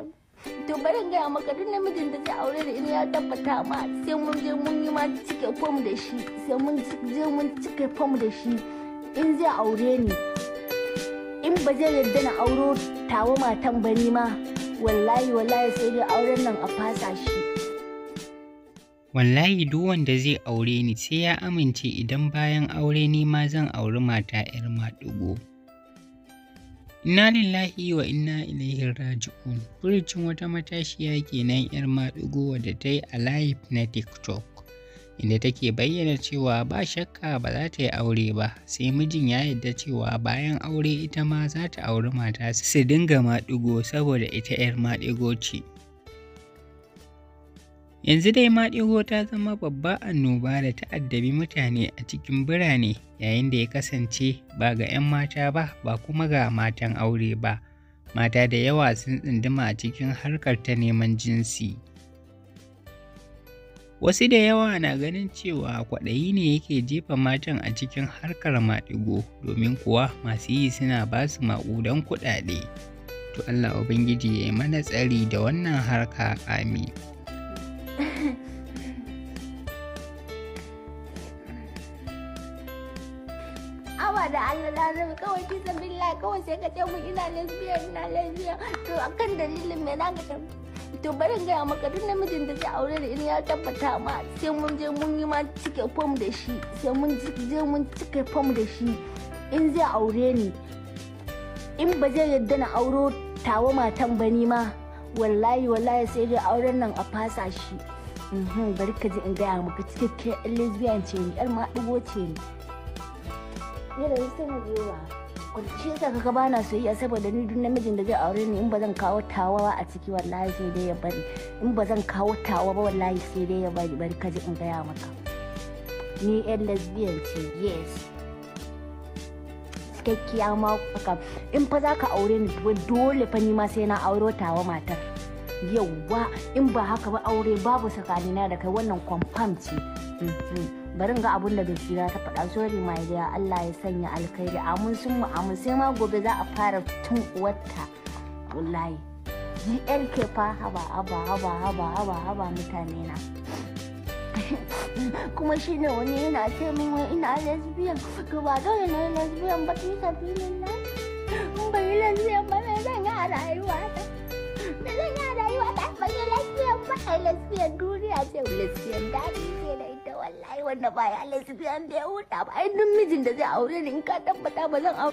adam to bari gaya maka duk namijin da zai aure da ina ya tabbata ma sai mun je mun yi ma cike fom da shi sai mun je mun cike fom da shi in zai aure ni in ba zai yarda na auro tawa matan ba ni ma wallahi wallahi sai dai auren nan a fasa shi wallahi duk wanda zai aure ni sai ya amince idan bayan aure ni ma zan auri mata 'yar maɗigo. Inna lillahi wa inna ilaihi raji'un. Furucin wata matashiya kenan 'yar maɗigo da ta yi a live na TikTok, inda take bayyana cewa ba shakka ba za ta yi aure ba, sai mijin ya yadda cewa bayan aure ita ma za ta auri mata su dinga maɗigo saboda ita 'yar maɗigo ce. Yanzu dai maɗigo ta zama babba annoba da ta addabi mutane a cikin birane yayin da ya kasance ba ga 'yan mata ba ba kuma ga matan aure ba. Mata da yawa sun tsunduma a cikin harkar ta neman jinsi. Wasu da yawa na ganin cewa kwaɗayi ne yake jefa matan a cikin harkar maɗigo domin kuwa masu yi suna ba su maƙudan kuɗaɗe. To Allah Ubangiji ya yi mana tsari da wannan harka amin. awa da Allah larabi kawai fi sabila kawai sai ka ce mu ina lesbiya ina lesbiya to akan dalilin me zaka ta to bari in gaya maka duk namijin da zai aure da in ya tabbata ma sai mun je mun yi ma cike fom da shi sai mun je mun cike fom da shi in zai aure ni in ba zai yadda na auro tawa matan ba ni ma wallahi wallahi sai dai auren nan a fasa shi mhm, bari ka ji in gaya maka cikakken yan lesbian ce ni yar maɗigo ce ni yadda da sun jewa kwanci saka ka bana soyayya saboda ni duk namijin da zai aure ni in ba zan kawo tawa a ciki wallahi sai dai ya bari in ba zan kawo tawa ba wallahi sai dai ya bari bari ka ji in gaya maka ni yan lesbian ce yes cikakkiya ma in fa za ka aure ni dole fa ni ma sai na auro tawa matar yawwa in ba haka ba aure babu na da kai wannan kwamfam ce barin ga abun da basira ta faɗa sori ma ya Allah ya sanya alkhairi amun sun mu amun sai ma gobe za a fara tun wata wallahi GLK fa haba haba haba haba haba mutane na kuma shi ne wani yana ce min wai ina lesbian to ba dole ne lesbian ba fi sabilin na in ba yi lesbian ba me zan yi a rayuwa ta me zan yi a rayuwa ta ba yi lesbian ba ai lesbian duniya ce lesbian daɗi ce da ita wallahi wanda ba ya lesbian da ya huta ba ai mijin da zai aure ni in ka tabbata ba zan aure